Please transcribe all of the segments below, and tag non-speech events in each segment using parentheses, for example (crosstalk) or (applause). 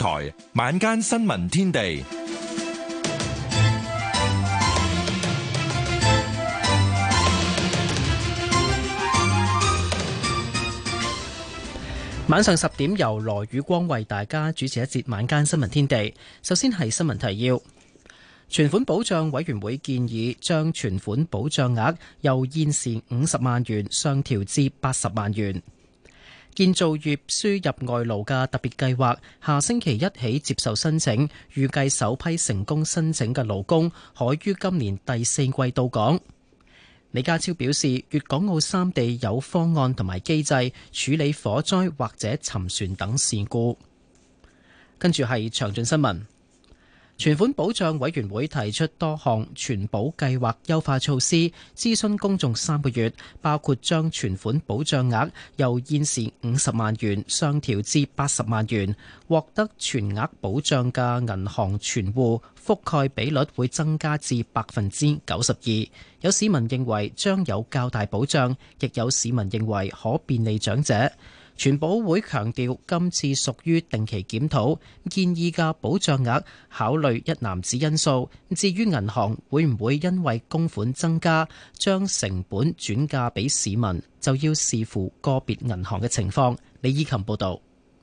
台晚間新聞天地，晚上十點由羅宇光為大家主持一節晚間新聞天地。首先係新聞提要，存款保障委員會建議將存款保障額由現時五十萬元上調至八十萬元。建造業輸入外勞嘅特別計劃，下星期一起接受申請，預計首批成功申請嘅勞工可於今年第四季到港。李家超表示，粵港澳三地有方案同埋機制處理火災或者沉船等事故。跟住係詳盡新聞。存款保障委員會提出多項存保計劃優化措施，諮詢公眾三個月，包括將存款保障額由現時五十萬元上調至八十萬元，獲得全額保障嘅銀行存戶覆蓋比率會增加至百分之九十二。有市民認為將有較大保障，亦有市民認為可便利長者。全保會強調，今次屬於定期檢討建議嘅保障額，考慮一籃子因素。至於銀行會唔會因為供款增加，將成本轉嫁俾市民，就要視乎個別銀行嘅情況。李依琴報導。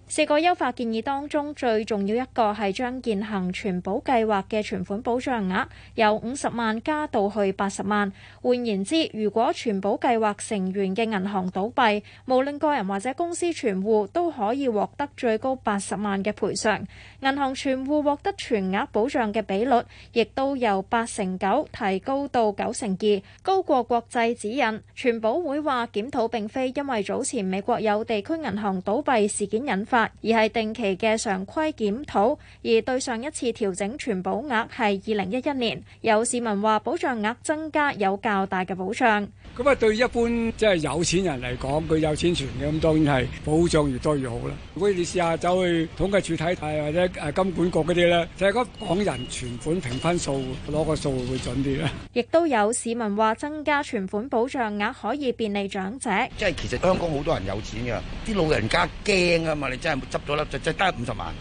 四個優化建議當中最重要一個，係將現行存保計劃嘅存款保障額由五十萬加到去八十萬。換言之，如果存保計劃成員嘅銀行倒閉，無論個人或者公司存戶都可以獲得最高八十萬嘅賠償。銀行存戶獲得全額保障嘅比率亦都由八成九提高到九成二，高過國際指引。存保會話，檢討並非因為早前美國有地區銀行倒閉事件引發而係定期嘅常規檢討，而對上一次調整存保額係二零一一年。有市民話保障額增加有較大嘅保障。咁啊，對一般即係有錢人嚟講，佢有錢存嘅，咁當然係保障越多越好啦。如果你試下走去統計處睇睇，或者誒金管局嗰啲咧，就係個港人存款平分數攞個數會準啲嘅。亦都有市民話增加存款保障額可以便利長者。即係其實香港好多人有錢㗎，啲老人家驚啊嘛，你。執咗啦，即係得五十萬，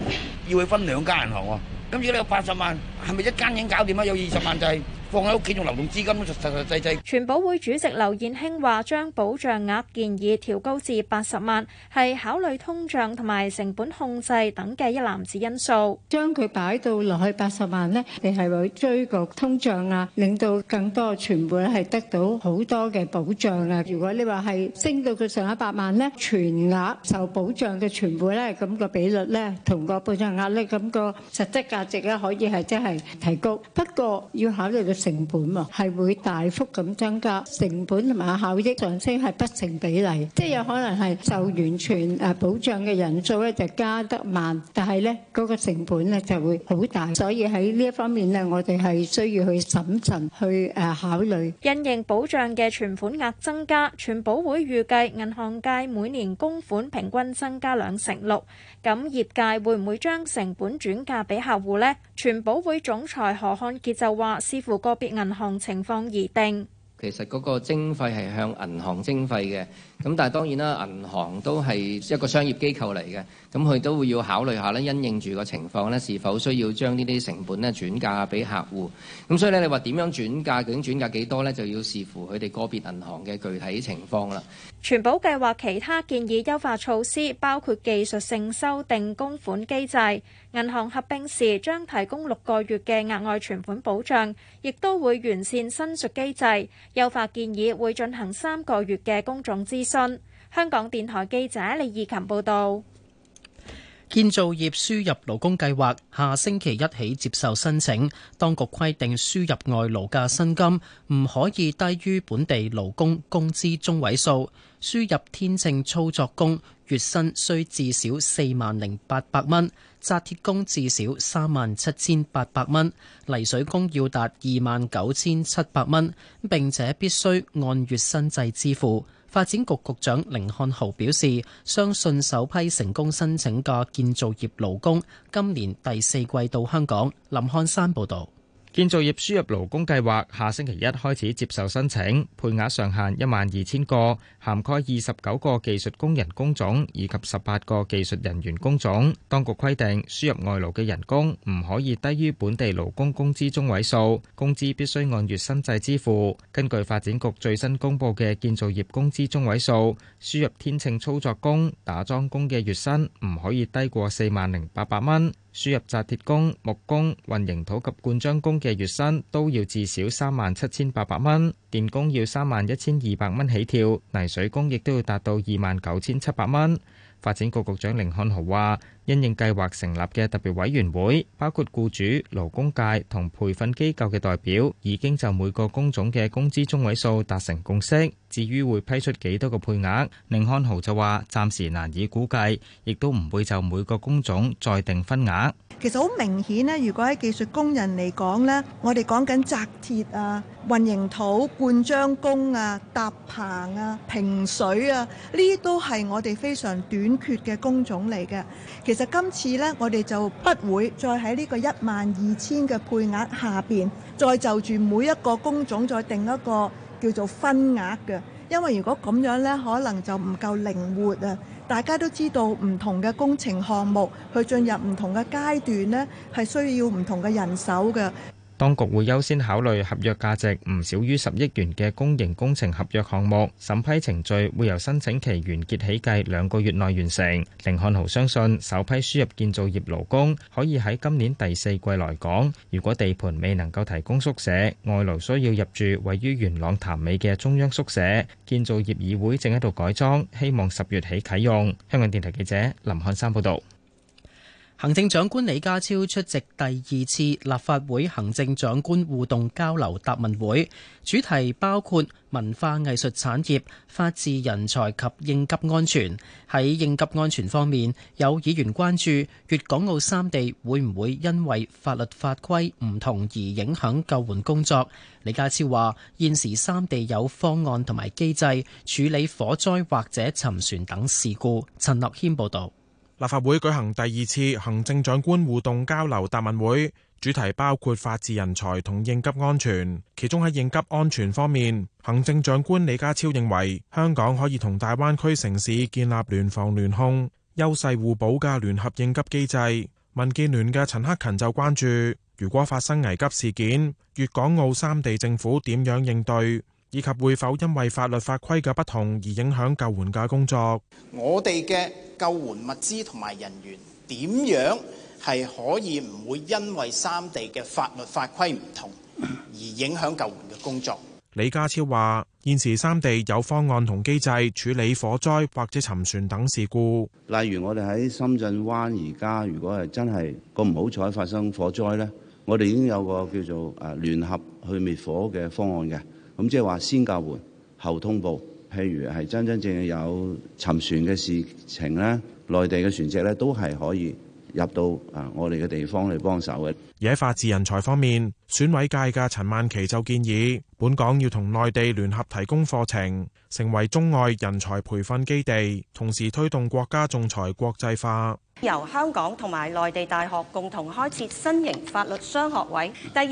要佢分兩間銀行喎。咁如果你有八十萬，係咪一間已經搞掂啊？有二十萬就係、是。放喺屋企用流動資金咯，實實際際。全保會主席劉燕卿話：將保障額建議調高至八十萬，係考慮通脹同埋成本控制等嘅一籃子因素。將佢擺到落去八十萬咧，你係會追擊通脹啊，令到更多全保咧係得到好多嘅保障啊。如果你話係升到佢上一百萬咧，全額受保障嘅全保咧，咁個比率咧同個保障額咧，咁個實質價值咧可以係即係提高。不過要考慮到。成本啊係會大幅咁增加成本同埋效益上升係不成比例，即係有可能係就完全誒保障嘅人數咧就加得慢，但係咧嗰個成本咧就會好大，所以喺呢一方面咧，我哋係需要去審慎去誒考慮。因應保障嘅存款額增加，全保會預計銀行界每年供款平均增加兩成六。咁業界會唔會將成本轉嫁俾客戶咧？全保會總裁何漢傑就話：視乎。個別銀行情況而定。其實嗰個徵費係向銀行徵費嘅。咁但係當然啦，銀行都係一個商業機構嚟嘅，咁佢都會要考慮下咧，因應住個情況咧，是否需要將呢啲成本咧轉嫁俾客戶？咁所以咧，你話點樣轉嫁，究竟轉嫁幾多咧，就要視乎佢哋個別銀行嘅具體情況啦。存保計劃其他建議優化措施，包括技術性修訂供款機制，銀行合併時將提供六個月嘅額外存款保障，亦都會完善申述機制。優化建議會進行三個月嘅公眾諮。信香港電台記者李義琴報道。建造業輸入勞工計劃下星期一起接受申請。當局規定，輸入外勞嘅薪金唔可以低於本地勞工工資中位數。輸入天秤操作工月薪需至少四萬零八百蚊，紮鐵工至少三萬七千八百蚊，泥水工要達二萬九千七百蚊，並且必須按月薪制支付。發展局局長甯漢豪表示，相信首批成功申請嘅建造業勞工今年第四季到香港。林漢山報導。建造業輸入勞工計劃下星期一開始接受申請，配額上限一萬二千個，涵蓋二十九個技術工人工種以及十八個技術人員工種。當局規定，輸入外勞嘅人工唔可以低於本地勞工工資中位數，工資必須按月薪制支付。根據發展局最新公布嘅建造業工資中位數，輸入天秤操作工、打樁工嘅月薪唔可以低過四萬零八百蚊。輸入紮鐵工、木工、混凝土及灌漿工嘅月薪都要至少三萬七千八百蚊，電工要三萬一千二百蚊起跳，泥水工亦都要達到二萬九千七百蚊。發展局局長甯漢豪話。因應計劃成立嘅特別委員會，包括雇主、勞工界同培訓機構嘅代表，已經就每個工種嘅工資中位數達成共識。至於會批出幾多個配額，寧漢豪就話暫時難以估計，亦都唔會就每個工種再定分額。其實好明顯咧，如果喺技術工人嚟講咧，我哋講緊紮鐵啊、運營土、灌漿工啊、搭棚啊、平水啊，呢啲都係我哋非常短缺嘅工種嚟嘅。其實其實今次呢，我哋就不會再喺呢個一萬二千嘅配額下面，再就住每一個工種再定一個叫做分額嘅，因為如果咁樣呢，可能就唔夠靈活啊。大家都知道唔同嘅工程項目去進入唔同嘅階段呢，係需要唔同嘅人手嘅。當局會優先考慮合約價值唔少於十億元嘅公營工程合約項目，審批程序會由申請期完結起計兩個月內完成。凌漢豪相信首批輸入建造業勞工可以喺今年第四季來港。如果地盤未能夠提供宿舍，外勞需要入住位於元朗潭尾嘅中央宿舍。建造業議會正喺度改裝，希望十月起啟用。香港電台記者林漢山報道。行政長官李家超出席第二次立法會行政長官互動交流答問會，主題包括文化藝術產業、法治人才及應急安全。喺應急安全方面，有議員關注粵港澳三地會唔會因為法律法規唔同而影響救援工作。李家超話：現時三地有方案同埋機制處理火災或者沉船等事故。陳樂謙報道。立法會舉行第二次行政長官互動交流答問會，主題包括法治人才同應急安全。其中喺應急安全方面，行政長官李家超認為香港可以同大灣區城市建立聯防聯控、優勢互補嘅聯合應急機制。民建聯嘅陳克勤就關注，如果發生危急事件，粵港澳三地政府點樣應對？以及會否因為法律法規嘅不同而影響救援嘅工作？我哋嘅救援物資同埋人員點樣係可以唔會因為三地嘅法律法規唔同而影響救援嘅工作？李家超話：現時三地有方案同機制處理火災或者沉船等事故，例如我哋喺深圳灣而家，如果係真係個唔好彩發生火災呢，我哋已經有個叫做誒聯合去滅火嘅方案嘅。咁即係話先救援後通報，譬如係真真正正有沉船嘅事情咧，內地嘅船隻咧都係可以入到啊我哋嘅地方嚟幫手嘅。而喺法治人才方面，選委界嘅陳曼琪就建議，本港要同內地聯合提供課程，成為中外人才培訓基地，同時推動國家仲裁國際化。由香港同埋內地大學共同開設新型法律商學位。第二，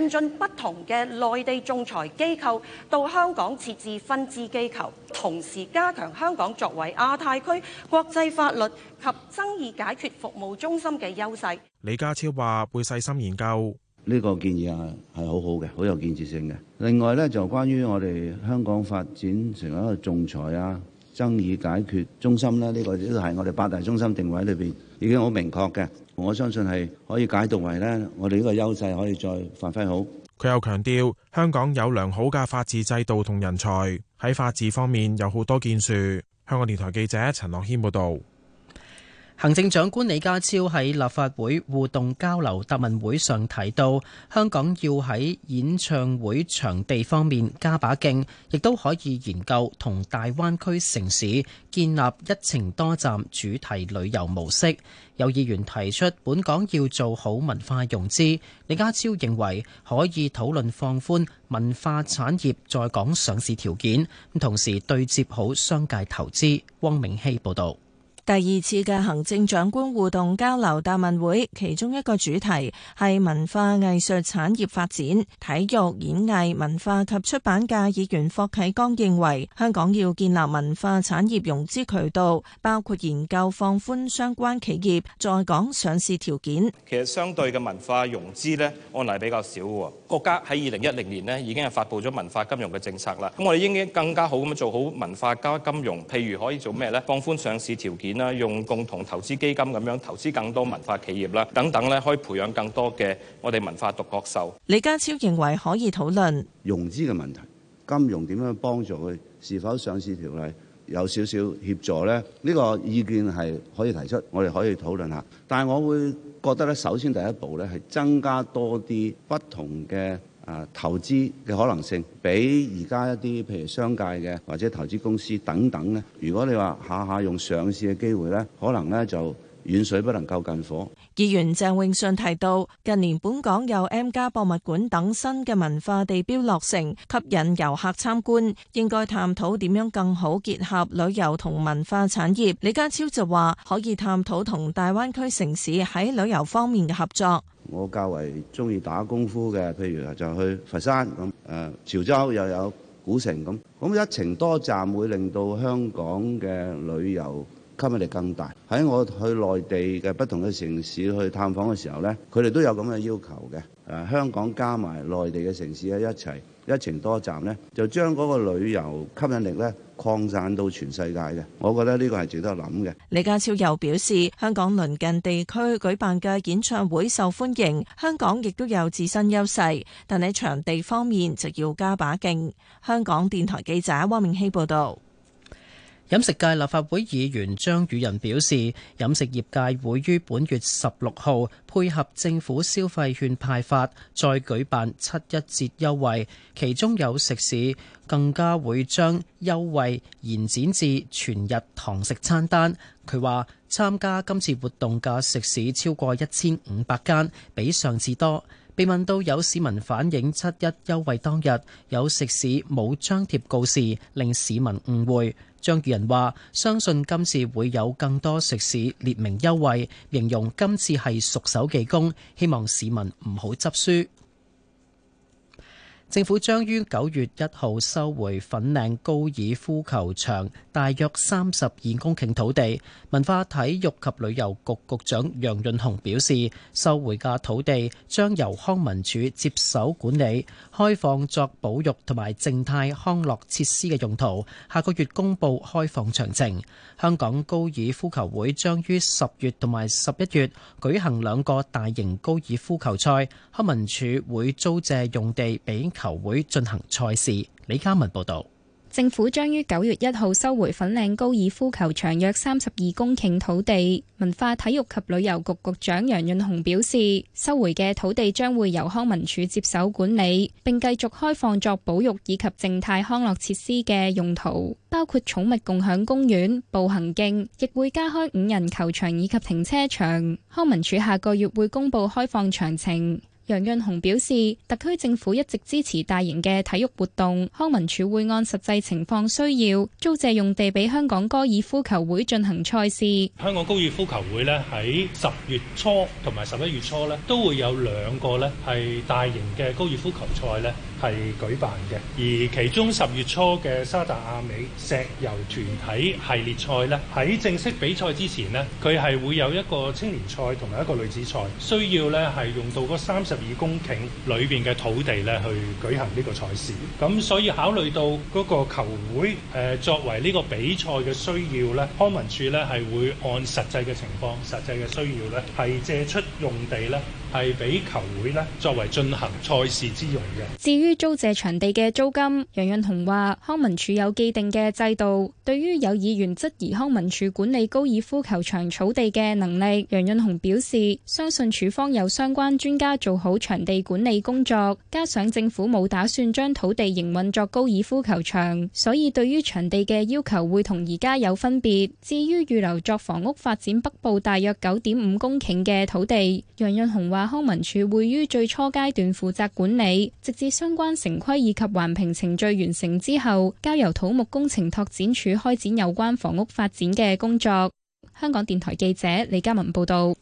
引進不同嘅內地仲裁機構到香港設置分支機構，同時加強香港作為亞太區國際法律及爭議解決服務中心嘅優勢。李家超話會細心研究呢個建議啊，係好好嘅，好有建設性嘅。另外咧，就關於我哋香港發展成為一個仲裁啊。爭議解決中心呢，呢個都係我哋八大中心定位裏邊已經好明確嘅。我相信係可以解讀為呢，我哋呢個優勢可以再發揮好。佢又強調，香港有良好嘅法治制度同人才，喺法治方面有好多建樹。香港電台記者陳樂軒報道。行政長官李家超喺立法會互動交流答問會上提到，香港要喺演唱會場地方面加把勁，亦都可以研究同大灣區城市建立一程多站主題旅遊模式。有議員提出，本港要做好文化融資，李家超認為可以討論放寬文化產業在港上市條件，同時對接好商界投資。汪明希報導。第二次嘅行政長官互動交流答問會，其中一個主題係文化藝術產業發展。體育演藝文化及出版界議員霍啟剛認為，香港要建立文化產業融資渠道，包括研究放寬相關企業在港上市條件。其實相對嘅文化融資呢，案例比較少嘅。國家喺二零一零年咧已經係發布咗文化金融嘅政策啦，咁我哋應該更加好咁做好文化加金融，譬如可以做咩呢？放寬上市條件啦，用共同投資基金咁樣投資更多文化企業啦，等等咧可以培養更多嘅我哋文化獨角獸。李家超認為可以討論融資嘅問題，金融點樣幫助佢？是否上市條例有少少協助呢？呢個意見係可以提出，我哋可以討論下，但係我會覺得首先第一步咧，係增加多啲不同嘅啊投資嘅可能性，比而家一啲譬如商界嘅或者投資公司等等咧。如果你話下下用上市嘅機會呢可能呢就。遠水不能救近火。議員鄭泳舜提到，近年本港有 M+ 博物館等新嘅文化地標落成，吸引遊客參觀，應該探討點樣更好結合旅遊同文化產業。李家超就話，可以探討同大灣區城市喺旅遊方面嘅合作。我較為中意打功夫嘅，譬如就去佛山咁，誒潮州又有古城咁，咁一程多站會令到香港嘅旅遊。吸引力更大。喺我去內地嘅不同嘅城市去探訪嘅時候咧，佢哋都有咁嘅要求嘅。誒，香港加埋內地嘅城市咧一齊，一程多站咧，就將嗰個旅遊吸引力咧擴散到全世界嘅。我覺得呢個係值得諗嘅。李家超又表示，香港鄰近地區舉辦嘅演唱會受歡迎，香港亦都有自身優勢，但喺場地方面就要加把勁。香港電台記者汪明希報道。飲食界立法會議員張宇人表示，飲食業界會於本月十六號配合政府消費券派發，再舉辦七一節優惠，其中有食肆更加會將優惠延展至全日堂食餐單。佢話，參加今次活動嘅食肆超過一千五百間，比上次多。被問到有市民反映七一優惠當日有食肆冇張貼告示，令市民誤會。張裕人話：相信今次會有更多食肆列明優惠，形容今次係熟手技工，希望市民唔好執輸。政府將於9月1號收回粉嶺高爾夫球場大約三十二公頃土地。文化體育及旅遊局局長楊潤雄表示，收回嘅土地將由康文署接手管理，開放作保育同埋靜態康樂設施嘅用途，下個月公佈開放詳情。香港高爾夫球會將於10月同埋11月，舉行兩個大型高爾夫球賽，康文署會租借用地俾球會進行賽事。李家文報道，政府將於九月一號收回粉嶺高爾夫球場約三十二公頃土地。文化體育及旅遊局局長楊潤雄表示，收回嘅土地將會由康文署接手管理，並繼續開放作保育以及靜態康樂設施嘅用途，包括寵物共享公園、步行徑，亦會加開五人球場以及停車場。康文署下個月會公布開放詳情。楊潤雄表示，特區政府一直支持大型嘅體育活動，康文署會按實際情況需要租借用地俾香港高爾夫球會進行賽事。香港高爾夫球會咧喺十月初同埋十一月初咧都會有兩個咧係大型嘅高爾夫球賽咧係舉辦嘅，而其中十月初嘅沙特阿美石油團體系列賽咧喺正式比賽之前咧，佢係會有一個青年賽同埋一個女子賽，需要咧係用到嗰三十。二公頃裏邊嘅土地咧，去舉行呢個賽事。咁所以考慮到嗰個球會誒作為呢個比賽嘅需要咧，康文署咧係會按實際嘅情況、實際嘅需要咧，係借出用地咧。係俾球會咧作為進行賽事之用嘅。至於租借場地嘅租金，楊潤雄話康文署有既定嘅制度。對於有議員質疑康文署管理高爾夫球場草地嘅能力，楊潤雄表示相信署方有相關專家做好場地管理工作，加上政府冇打算將土地營運作高爾夫球場，所以對於場地嘅要求會同而家有分別。至於預留作房屋發展北部大約九點五公頃嘅土地，楊潤雄話，康文署會於最初階段負責管理，直至相關城規以及環評程序完成之後，交由土木工程拓展署開展有關房屋發展嘅工作。香港電台記者李嘉文報道。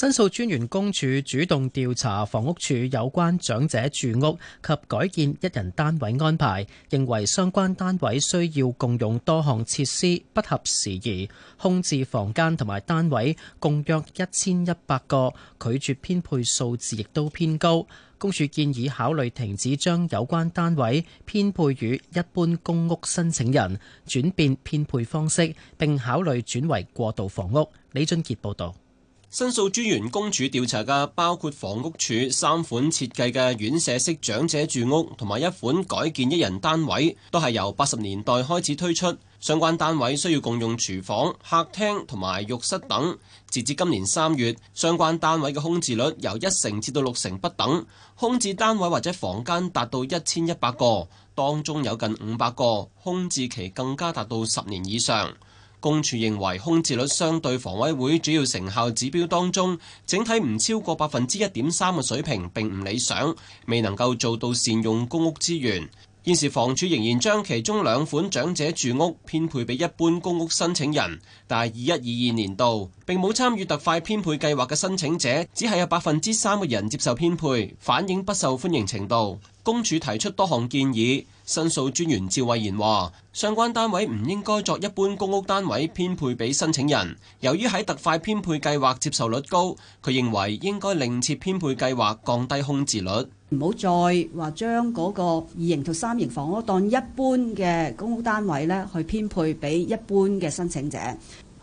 申訴專員公署主動調查房屋處有關長者住屋及改建一人單位安排，認為相關單位需要共用多項設施不合時宜，空置房間同埋單位共約一千一百個，拒絕編配數字亦都偏高。公署建議考慮停止將有關單位編配予一般公屋申請人，轉變編配方式，並考慮轉為過渡房屋。李俊杰報道。申訴專員公署調查嘅包括房屋署三款設計嘅院舍式長者住屋同埋一款改建一人單位，都係由八十年代開始推出。相關單位需要共用廚房、客廳同埋浴室等。截至今年三月，相關單位嘅空置率由一成至到六成不等，空置單位或者房間達到一千一百個，當中有近五百個空置期更加達到十年以上。公署認為空置率相對房委會主要成效指標當中，整體唔超過百分之一點三嘅水平並唔理想，未能夠做到善用公屋資源。現時房署仍然將其中兩款長者住屋編配俾一般公屋申請人，但係二一二二年度並冇參與特快編配計劃嘅申請者，只係有百分之三嘅人接受編配，反映不受歡迎程度。公署提出多項建議。申訴專員趙慧賢話，相關單位唔應該作一般公屋單位編配俾申請人。由於喺特快編配計劃接受率高，佢認為應該另設編配計劃，降低空置率。唔好再話將嗰個二型同三型房屋當一般嘅公屋單位咧去編配俾一般嘅申請者，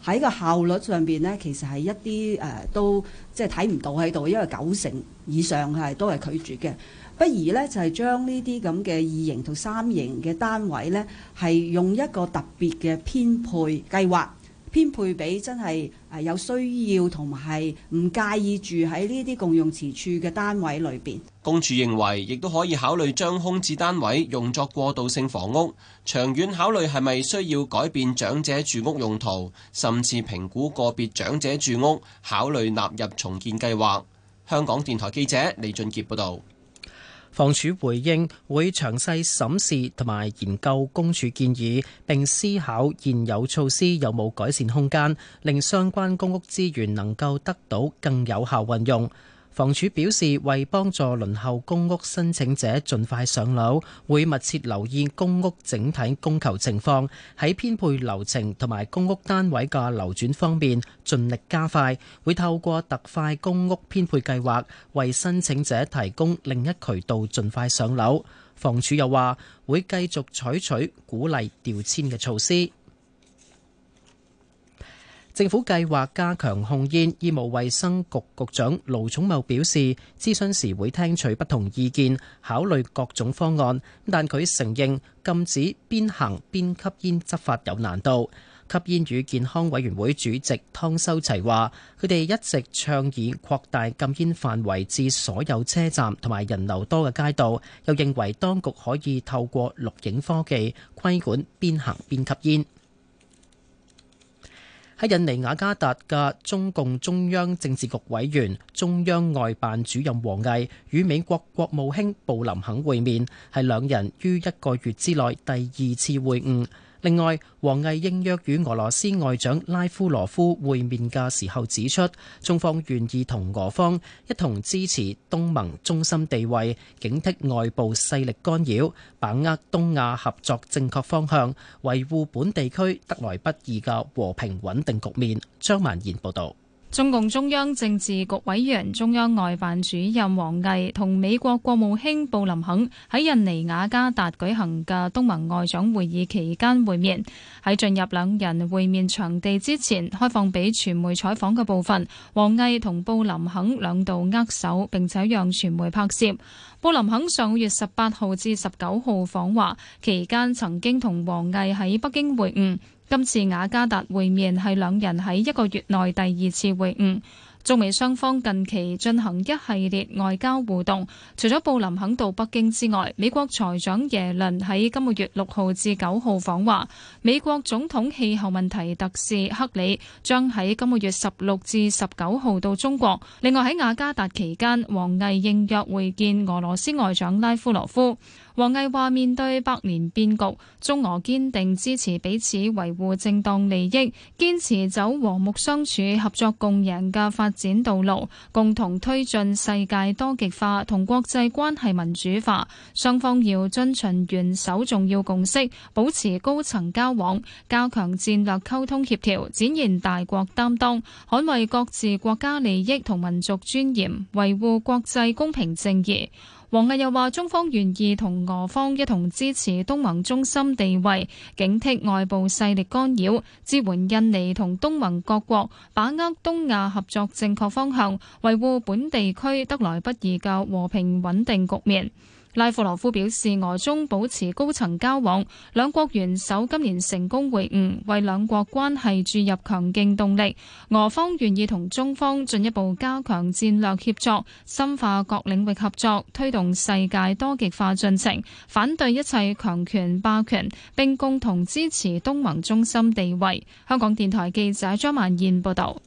喺個效率上邊呢，其實係一啲誒都即係睇唔到喺度，因為九成以上係都係拒絕嘅。不如呢，就係將呢啲咁嘅二型同三型嘅單位呢，係用一個特別嘅編配計劃，編配俾真係誒有需要同埋唔介意住喺呢啲共用設處嘅單位裏邊。公署認為，亦都可以考慮將空置單位用作過渡性房屋，長遠考慮係咪需要改變長者住屋用途，甚至評估個別長者住屋，考慮納入重建計劃。香港電台記者李俊傑報道。房署回應會詳細審視同埋研究公署建議，並思考現有措施有冇改善空間，令相關公屋資源能夠得到更有效運用。房署表示，為幫助輪候公屋申請者盡快上樓，會密切留意公屋整體供求情況，喺編配流程同埋公屋單位嘅流轉方面盡力加快。會透過特快公屋編配計劃，為申請者提供另一渠道盡快上樓。房署又話，會繼續採取鼓勵調遷嘅措施。政府計劃加強控煙，醫務衛生局局長盧寵茂表示，諮詢時會聽取不同意見，考慮各種方案。但佢承認禁止邊行邊吸煙執法有難度。吸煙與健康委員會主席湯修齊話，佢哋一直倡議擴大禁煙範圍至所有車站同埋人流多嘅街道，又認為當局可以透過錄影科技規管邊行邊吸煙。喺印尼雅加達嘅中共中央政治局委員、中央外辦主任王毅與美國國務卿布林肯會面，係兩人於一個月之內第二次會晤。另外，王毅應約與俄羅斯外長拉夫羅夫會面嘅時候指出，中方願意同俄方一同支持東盟中心地位，警惕外部勢力干擾，把握東亞合作正確方向，維護本地區得來不易嘅和平穩定局面。張曼賢報導。中共中央政治局委員、中央外辦主任王毅同美國國務卿布林肯喺印尼雅加達舉行嘅東盟外長會議期間會面。喺進入兩人會面場地之前，開放俾傳媒採訪嘅部分，王毅同布林肯兩度握手並且讓傳媒拍攝。布林肯上月十八號至十九號訪華期間曾經同王毅喺北京會晤。今次雅加達會面係兩人喺一個月內第二次會晤，中美雙方近期進行一系列外交互動。除咗布林肯到北京之外，美國財長耶倫喺今個月六號至九號訪華，美國總統氣候問題特使克里將喺今個月十六至十九號到中國。另外喺雅加達期間，王毅應約會見俄羅斯外長拉夫羅夫。王毅話：華華面對百年變局，中俄堅定支持彼此維護正當利益，堅持走和睦相處、合作共贏嘅發展道路，共同推進世界多極化同國際關係民主化。雙方要遵循元首重要共識，保持高層交往，加強戰略溝通協調，展現大國擔當，捍衛各自國家利益同民族尊嚴，維護國際公平正義。王毅又話：中方願意同俄方一同支持東盟中心地位，警惕外部勢力干擾，支援印尼同東盟各國，把握東亞合作正確方向，維護本地區得來不易嘅和平穩定局面。拉夫羅夫表示，俄中保持高層交往，兩國元首今年成功會晤，為兩國關係注入強勁動力。俄方願意同中方進一步加強戰略協作，深化各領域合作，推動世界多極化進程，反對一切強權霸權，並共同支持東盟中心地位。香港電台記者張曼燕報導。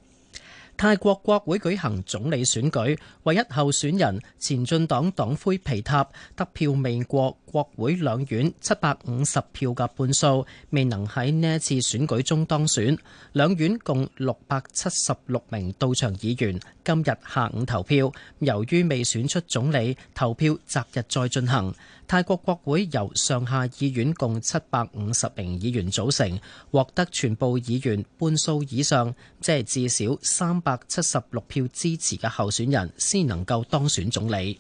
泰國國會舉行總理選舉，唯一候選人前進黨黨魁皮塔得票未過。國會兩院七百五十票嘅半數未能喺呢一次選舉中當選，兩院共六百七十六名到場議員今日下午投票，由於未選出總理，投票擇日再進行。泰國國會由上下議院共七百五十名議員組成，獲得全部議員半數以上，即係至少三百七十六票支持嘅候選人，先能夠當選總理。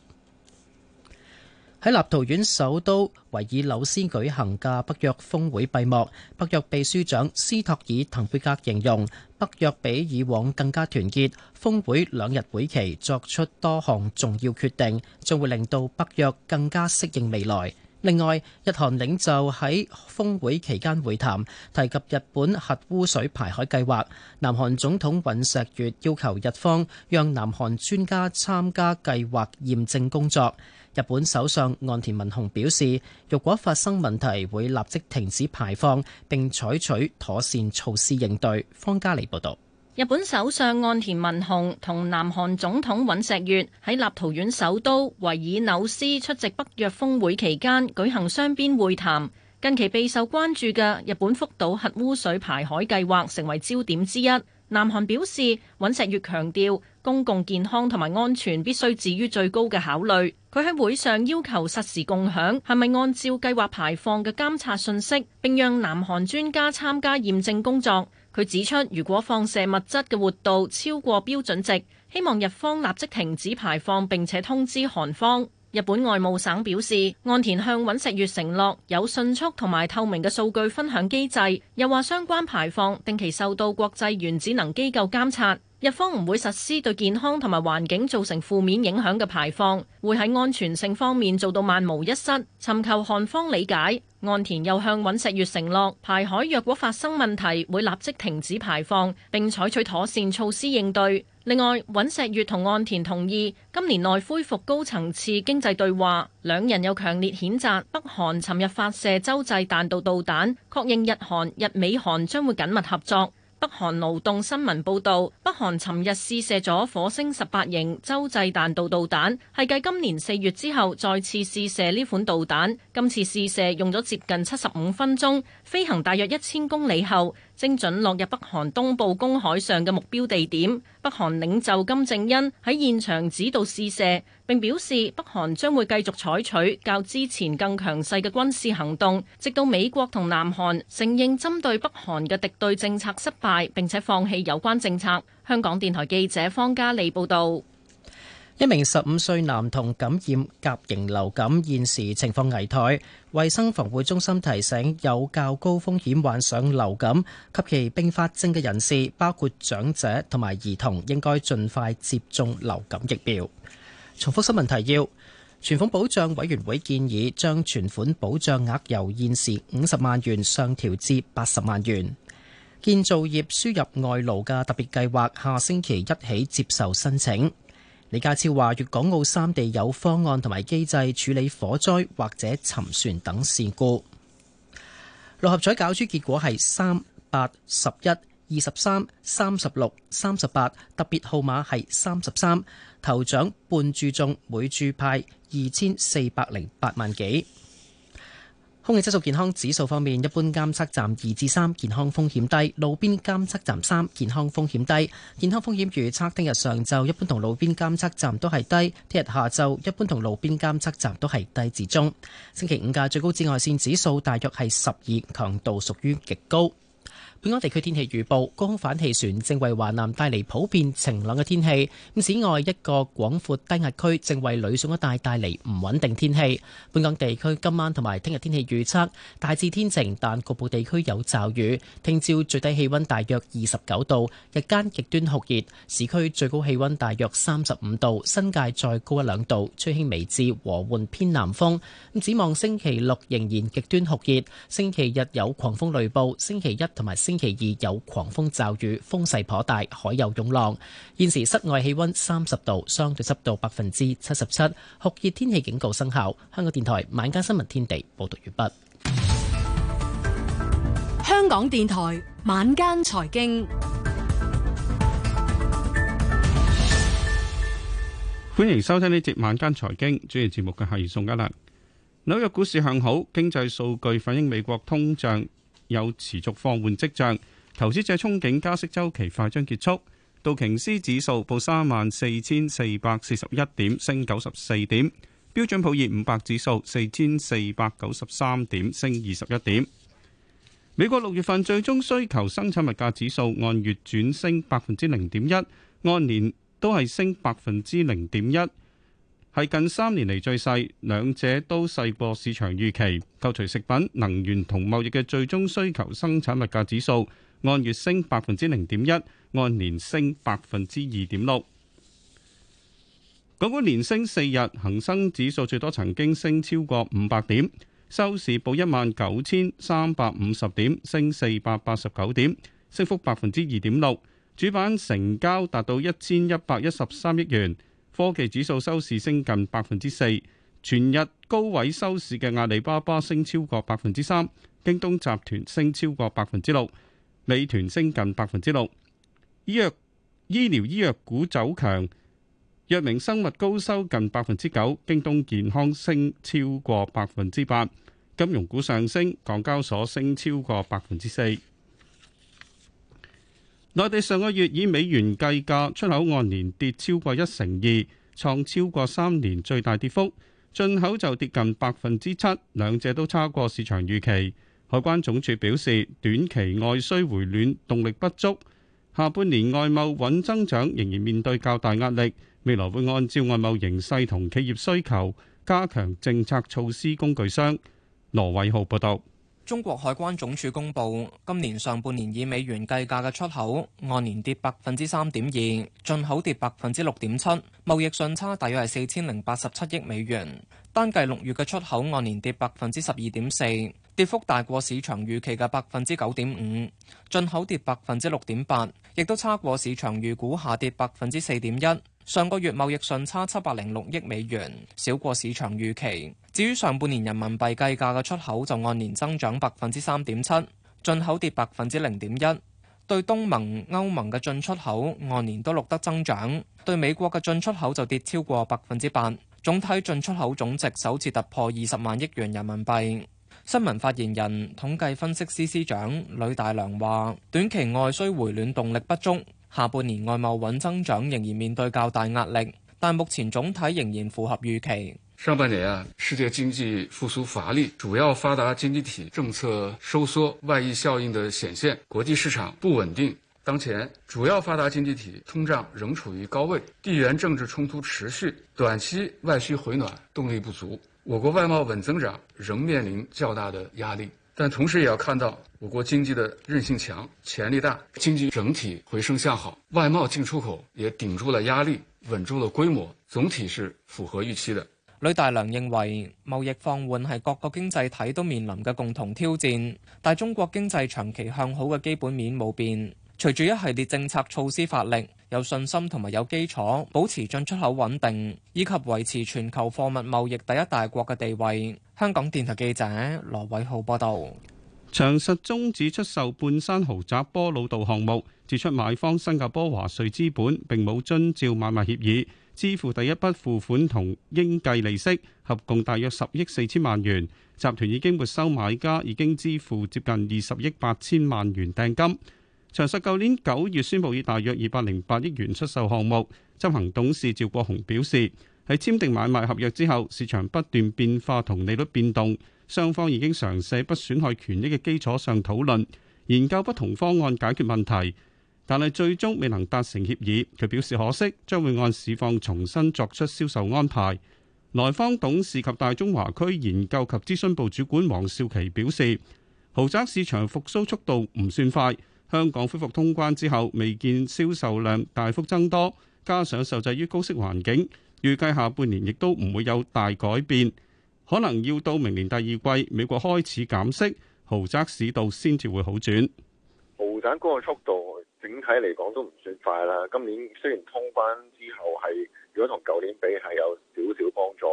喺立陶宛首都維爾紐斯舉行嘅北約峰會閉幕，北約秘書長斯托爾滕貝格形容北約比以往更加團結。峰會兩日會期作出多項重要決定，將會令到北約更加適應未來。另外，日韓領袖喺峰會期間會談，提及日本核污水排海計劃。南韓總統尹錫悅要求日方讓南韓專家參加計劃驗證工作。日本首相岸田文雄表示，若果發生問題，會立即停止排放並採取妥善措施應對。方家莉報道，日本首相岸田文雄同南韓總統尹錫悅喺立陶宛首都維爾紐斯出席北約峰會期間舉行雙邊會談，近期備受關注嘅日本福島核污水排海計劃成為焦點之一。南韓表示，尹錫悅強調。公共健康同埋安全必須置於最高嘅考慮。佢喺會上要求實時共享係咪按照計劃排放嘅監察信息，並讓南韓專家參加驗證工作。佢指出，如果放射物質嘅活度超過標準值，希望日方立即停止排放，並且通知韓方。日本外務省表示，岸田向尹錫悅承諾有迅速同埋透明嘅數據分享機制，又話相關排放定期受到國際原子能機構監察。日方唔會實施對健康同埋環境造成負面影響嘅排放，會喺安全性方面做到萬無一失，尋求韓方理解。岸田又向尹錫悅承諾，排海若果發生問題，會立即停止排放並採取妥善措施應對。另外，尹錫悅同岸田同意今年內恢復高層次經濟對話。兩人又強烈譴責北韓尋日發射洲際彈道導彈，確認日韓、日美韓將會緊密合作。北韓勞動新聞報導，北韓尋日試射咗火星十八型洲際彈道導彈，係繼今年四月之後再次試射呢款導彈。今次試射用咗接近七十五分鐘，飛行大約一千公里後，精準落入北韓東部公海上嘅目標地點，北韓領袖金正恩喺現場指導試射，並表示北韓將會繼續採取較之前更強勢嘅軍事行動，直到美國同南韓承認針對北韓嘅敵對政策失敗，並且放棄有關政策。香港電台記者方嘉利報導。一名十五歲男童感染李家超話：粵港澳三地有方案同埋機制處理火災或者沉船等事故。六合彩攪出結果係三八十一二十三三十六三十八，特別號碼係三十三。頭獎半注中，每注派二千四百零八萬幾。空氣質素健康指數方面，一般監測站二至三，健康風險低；路邊監測站三，健康風險低。健康風險預測，聽日上晝一般同路邊監測站都係低，聽日下晝一般同路邊監測站都係低至中。星期五嘅最高紫外線指數大約係十二，強度屬於極高。本港地區天氣預報：高空反氣旋，正為華南帶嚟普遍晴朗嘅天氣。咁此外，一個廣闊低壓區正為呂宋一帶帶嚟唔穩定天氣。本港地區今晚同埋聽日天氣預測大致天晴，但局部地區有驟雨。聽朝最低氣溫大約二十九度，日間極端酷熱，市區最高氣溫大約三十五度，新界再高一兩度。吹輕微至和緩偏南風。咁展望星期六仍然極端酷熱，星期日有狂風雷暴，星期一同。星期二有狂風驟雨，風勢頗大，海有湧浪。現時室外氣溫三十度，相對濕度百分之七十七，酷熱天氣警告生效。香港電台晚間新聞天地報道完畢。香港電台晚間財經，歡迎收聽呢節晚間財經，主持節目嘅係宋一樂。紐約股市向好，經濟數據反映美國通脹有持續放緩跡象，投資者憧憬加息週期快將結束。道瓊斯指數報三萬四千四百四十一點，升九十四點；標準普爾五百指數四千四百九十三點，升二十一點。美國六月份最終需求生產物價指數按月轉升百分之零點一，按年都係升百分之零點一。係近三年嚟最細，兩者都細過市場預期。扣除食品、能源同貿易嘅最終需求，生產物價指數按月升百分之零點一，按年升百分之二點六。港股連升四日，恒生指數最多曾經升超過五百點，收市報一萬九千三百五十點，升四百八十九點，升幅百分之二點六。主板成交達到一千一百一十三億元。科技指數收市升近百分之四，全日高位收市嘅阿里巴巴升超過百分之三，京東集團升超過百分之六，美團升近百分之六。醫藥醫療醫藥股走強，藥明生物高收近百分之九，京東健康升超過百分之八。金融股上升，港交所升超過百分之四。內地上個月以美元計價出口按年跌超過一成二，創超過三年最大跌幅；進口就跌近百分之七，兩者都差過市場預期。海關總署表示，短期外需回暖動力不足，下半年外貿穩增長仍然面對較大壓力。未來會按照外貿形勢同企業需求加強政策措施工具箱。羅偉浩報道。中國海關總署公布，今年上半年以美元計價嘅出口按年跌百分之三點二，進口跌百分之六點七，貿易順差大約係四千零八十七億美元。單計六月嘅出口按年跌百分之十二點四，跌幅大過市場預期嘅百分之九點五；進口跌百分之六點八，亦都差過市場預估下跌百分之四點一。上個月貿易順差七百零六億美元，少過市場預期。至於上半年人民幣計價嘅出口就按年增長百分之三點七，進口跌百分之零點一。對東盟、歐盟嘅進出口按年都錄得增長，對美國嘅進出口就跌超過百分之八。總體進出口總值首次突破二十萬億元人民幣。新聞發言人、統計分析司司長呂大良話：短期外需回暖動力不足。下半年外貿穩增長仍然面對較大壓力，但目前總體仍然符合預期。上半年啊，世界經濟復蘇乏力，主要發達經濟體政策收縮外溢效應的顯現，國際市場不穩定。當前主要發達經濟體通脹仍處於高位，地緣政治衝突持續，短期外需回暖，動力不足，我國外貿穩增長仍面臨較大的壓力。但同時也要看到我國經濟的韌性強、潛力大，經濟整體回升向好，外貿進出口也頂住了壓力，穩住了規模，總體是符合預期的。呂大良認為，貿易放緩係各個經濟體都面臨嘅共同挑戰，但中國經濟長期向好嘅基本面冇變。隨住一系列政策措施發力，有信心同埋有基礎，保持進出口穩定，以及維持全球貨物貿易第一大國嘅地位。香港電台記者羅偉浩報道。長實終止出售半山豪宅波老道項目，指出買方新加坡華瑞資本並冇遵照買賣協議支付第一筆付款同應計利息，合共大約十億四千萬元。集團已經沒收買家已經支付接近二十億八千萬元訂金。長實舊年九月宣布以大約二百零八億元出售項目，執行董事趙國雄表示：喺簽訂買賣合約之後，市場不斷變化同利率變動，雙方已經嘗試不損害權益嘅基礎上討論研究不同方案解決問題，但係最終未能達成協議。佢表示可惜，將會按市況重新作出銷售安排。來方董事及大中華區研究及諮詢部主管黃少琪表示：豪宅市場復甦速度唔算快。香港恢復通關之後，未見銷售量大幅增多，加上受制於高息環境，預計下半年亦都唔會有大改變，可能要到明年第二季美國開始減息，豪宅市道先至會好轉。豪宅嗰個速度整體嚟講都唔算快啦。今年雖然通關之後係，如果同舊年比係有少少幫助，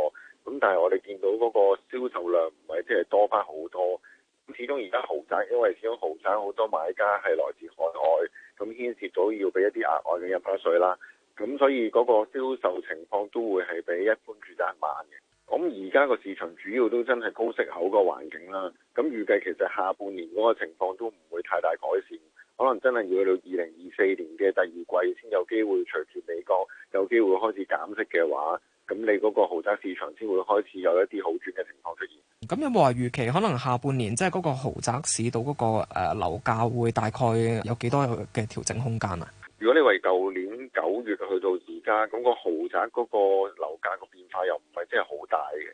咁但係我哋見到嗰個銷售量唔係即係多返好多。咁始終而家豪宅，因為始終豪宅好多買家係來自海外，咁牽涉到要俾一啲額外嘅印花稅啦。咁所以嗰個銷售情況都會係比一般住宅慢嘅。咁而家個市場主要都真係高息口個環境啦。咁預計其實下半年嗰個情況都唔會太大改善，可能真係要到二零二四年嘅第二季先有機會隨住美國有機會開始減息嘅話，咁你嗰個豪宅市場先會開始有一啲好轉嘅情況。咁有冇話預期可能下半年即係嗰個豪宅市道嗰個誒樓價會大概有幾多嘅調整空間啊？如果你為舊年九月去到而家，咁個豪宅嗰個樓價個變化又唔係真係好大嘅，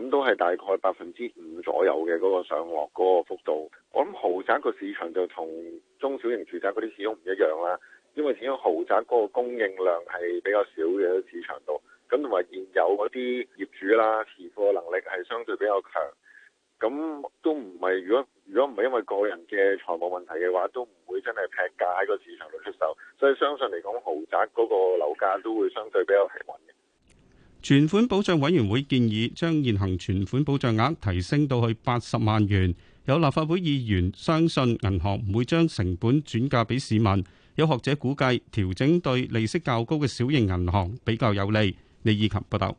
咁都係大概百分之五左右嘅嗰個上落嗰個幅度。我諗豪宅個市場就同中小型住宅嗰啲市況唔一樣啦，因為始終豪宅嗰個供應量係比較少嘅市場度。咁同埋現有嗰啲業主啦，持貨能力係相對比較強，咁都唔係如果如果唔係因為個人嘅財務問題嘅話，都唔會真係劈價喺個市場度出售，所以相信嚟講，豪宅嗰個樓價都會相對比較平穩嘅。存款保障委員會建議將現行存款保障額提升到去八十萬元。有立法會議員相信銀行唔會將成本轉嫁俾市民。有學者估計調整對利息較高嘅小型銀行比較有利。李意勤報道。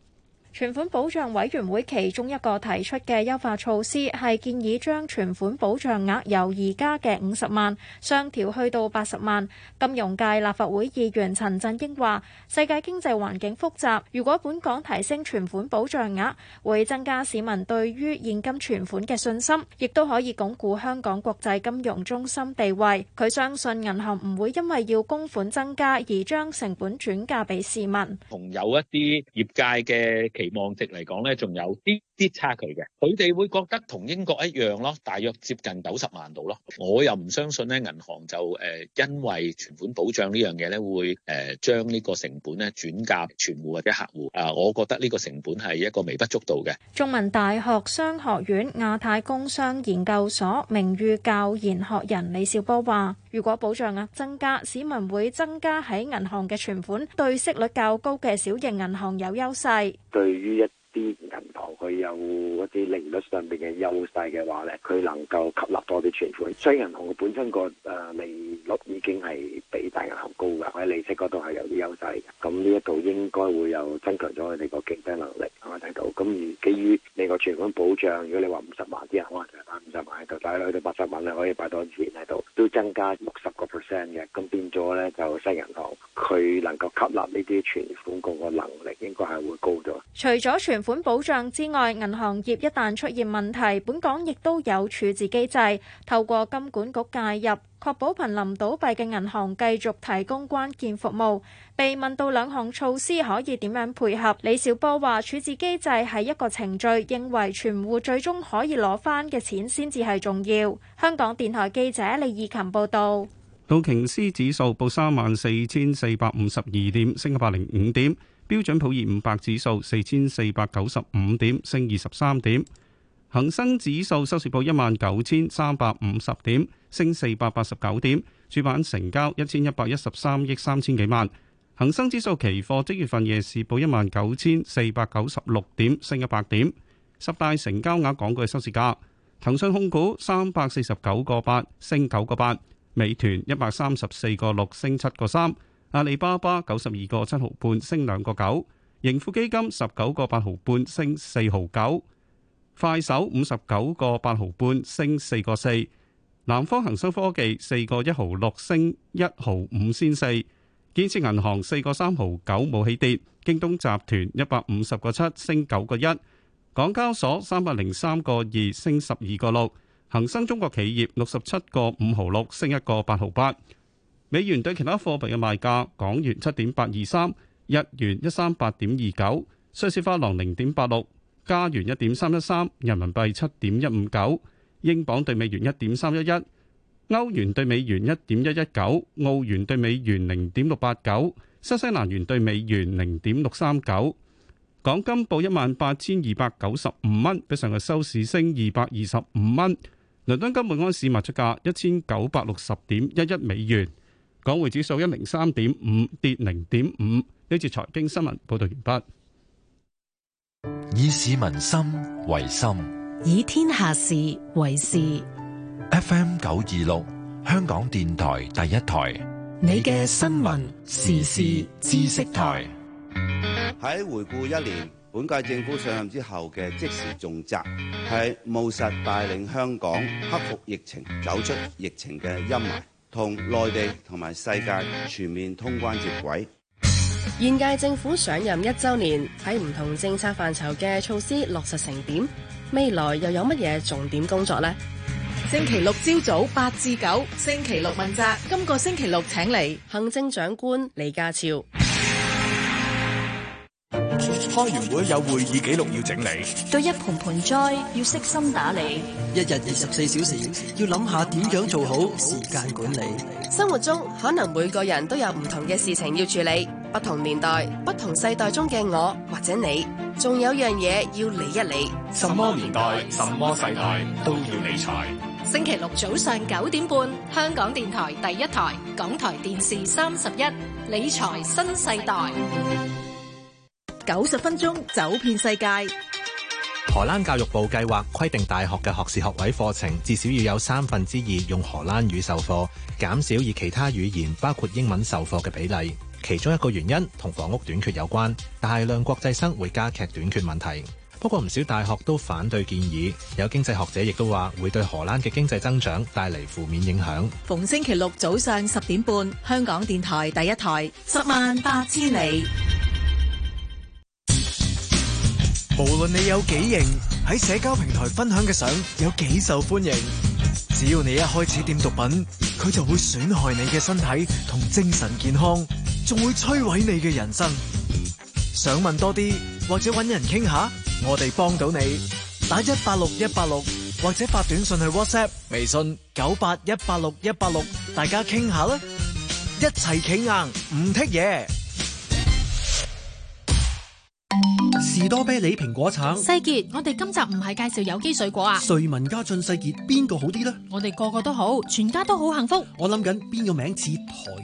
存款保障委員會其中一個提出嘅優化措施係建議將存款保障額由而家嘅五十萬上調去到八十萬。金融界立法會議員陳振英話世界經濟環境複雜，如果本港提升存款保障額會增加市民對於現金存款嘅信心，亦都可以鞏固香港國際金融中心地位。佢相信銀行唔會因為要供款增加而將成本轉嫁俾市民。同有一啲業界嘅。期望值嚟講咧，仲有啲啲差距嘅，佢哋會覺得同英國一樣咯，大約接近九十萬度咯。我又唔相信咧，銀行就誒因為存款保障呢樣嘢咧，會誒將呢個成本咧轉嫁存戶或者客戶啊。我覺得呢個成本係一個微不足道嘅。中文大學商學院亞太工商研究所名譽教研學人李兆波話：如果保障額增加，市民會增加喺銀行嘅存款，對息率較高嘅小型銀行有優勢。對於一啲銀行佢有一啲利率上邊嘅優勢嘅話咧，佢能夠吸納多啲存款。雖然銀行佢本身個誒利率已經係比大銀行高嘅，喺利息嗰度係有啲優勢。咁呢一度應該會有增強咗佢哋個競爭能力。我睇到咁，而基於你個存款保障，如果你話五十萬啲人可能就係攬五十萬喺度，但係去到八十萬咧，可以擺多啲錢喺度，都增加六十個 percent 嘅。咁變咗咧，就細銀行佢能夠吸納呢啲存款個能力應該係會高咗。除咗存款保障之外，銀行業一旦出現問題，本港亦都有處置機制，透過金管局介入。確保瀕臨倒閉嘅銀行繼續提供關鍵服務。被問到兩項措施可以點樣配合，李兆波話：處置機制係一個程序，認為存戶最終可以攞翻嘅錢先至係重要。香港電台記者李義琴報道。道瓊斯指數報三萬四千四百五十二點，升一百零五點。標準普爾五百指數四千四百九十五點，升二十三點。恒生指數收市報一萬九千三百五十點，升四百八十九點，主板成交一千一百一十三億三千幾萬。恒生指數期貨即月份夜市報一萬九千四百九十六點，升一百點。十大成交額港股嘅收市價：騰訊控股三百四十九個八，升九個八；美團一百三十四個六，升七個三；阿里巴巴九十二個七毫半，升兩個九；盈富基金十九個八毫半，升四毫九。快手五十九個八毫半，升四個四；南方恒生科技四個一毫六，升一毫五先四；建設銀行四個三毫九，冇起跌；京東集團一百五十個七，升九個一；港交所三百零三個二，升十二個六；恒生中國企業六十七個五毫六，升一個八毫八。美元兌其他貨幣嘅賣價：港元七點八二三，日元一三八點二九，瑞士法郎零點八六。加元一點三一三，人民幣七點一五九，英鎊兌美元一點三一一，歐元兌美元一點一一九，澳元兌美元零點六八九，新西蘭元兌美元零點六三九。港金報一萬八千二百九十五蚊，比上日收市升二百二十五蚊。倫敦金每安士賣出價一千九百六十點一一美元。港匯指數一零三點五，跌零點五。呢節財經新聞報道完畢。以市民心為心，以天下事為事。FM 九二六，香港電台第一台，你嘅新聞時事知識台。喺回顧一年本屆政府上任之後嘅即時重責，係務實帶領香港克服疫情，走出疫情嘅陰霾，同內地同埋世界全面通關接軌。現屆政府上任一周年，喺唔同政策範疇嘅措施落實成點？未來又有乜嘢重點工作呢？星期六朝早八至九，星期六問責，今個星期六請嚟行政長官李家超。開完會有會議記錄要整理， (noise) 九十分鐘走遍世界。荷蘭教育部計劃規定大學嘅學士學位課程至少要有三分之二用荷蘭語授課，減少以其他語言包括英文授課嘅比例。其中一個原因同房屋短缺有關，大量國際生會加劇短缺問題。不過唔少大學都反對建議，有經濟學者亦都話會對荷蘭嘅經濟增長帶嚟負面影響。逢星期六早上十點半，香港電台第一台，十萬八千里。無論你有幾型喺社交平台分享嘅相有幾受歡迎，只要你一開始掂毒品，佢就會損害你嘅身體同精神健康，仲會摧毀你嘅人生。想問多啲或者搵人傾下，我哋幫到你。打一八六一八六或者發短信去 WhatsApp、微信九八一八六一八六，6, 大家傾下啦，一齊企硬唔剔嘢。士多啤梨蘋果橙，細杰，我哋今集唔係介紹有機水果啊！瑞文家俊細杰邊個好啲咧？我哋個個都好，全家都好幸福。我諗緊邊個名似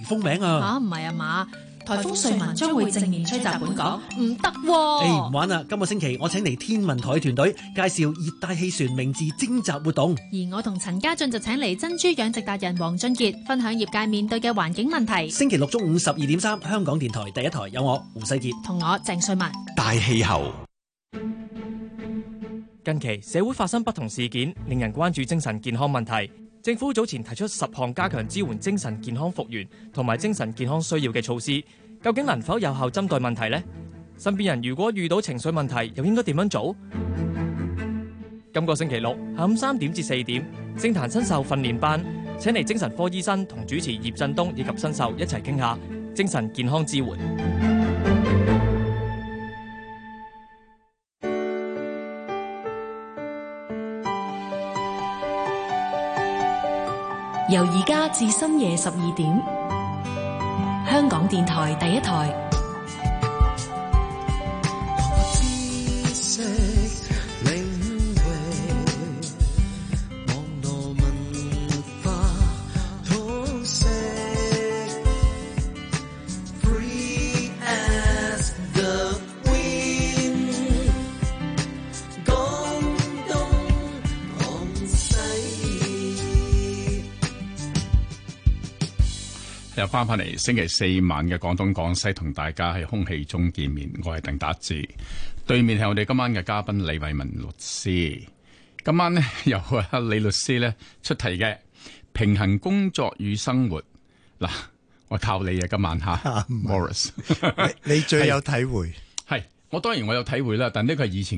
颱風名啊？吓、啊，唔係啊嘛。颱風瑞文將會正面吹襲本港，唔得喎！你唔玩啦！今個星期我請嚟天文台嘅團隊介紹熱帶氣旋名字徵集活動，而我同陳家俊就請嚟珍珠養殖達人黃俊傑分享業界面對嘅環境問題。星期六中午十二點三，香港電台第一台有我胡世杰同我鄭瑞文。大氣候近期社會發生不同事件，令人關注精神健康問題。政府早前提出十項加強支援精神健康復原同埋精神健康需要嘅措施，究竟能否有效針對問題呢？身邊人如果遇到情緒問題，又應該點樣做？今個星期六下午三點至四點，政壇新秀訓練班，請嚟精神科醫生同主持葉振東以及新秀一齊傾下精神健康支援。至深夜十二點，香港電台第一台。翻返嚟星期四晚嘅廣東廣西同大家喺空氣中見面，我係鄧達志，對面係我哋今晚嘅嘉賓李偉文律師。今晚咧由啊李律師咧出題嘅平衡工作與生活。嗱，我靠你啊，今晚吓，Morris，你，你最有體會。係， (laughs) 我當然我有體會啦，但呢個係以前。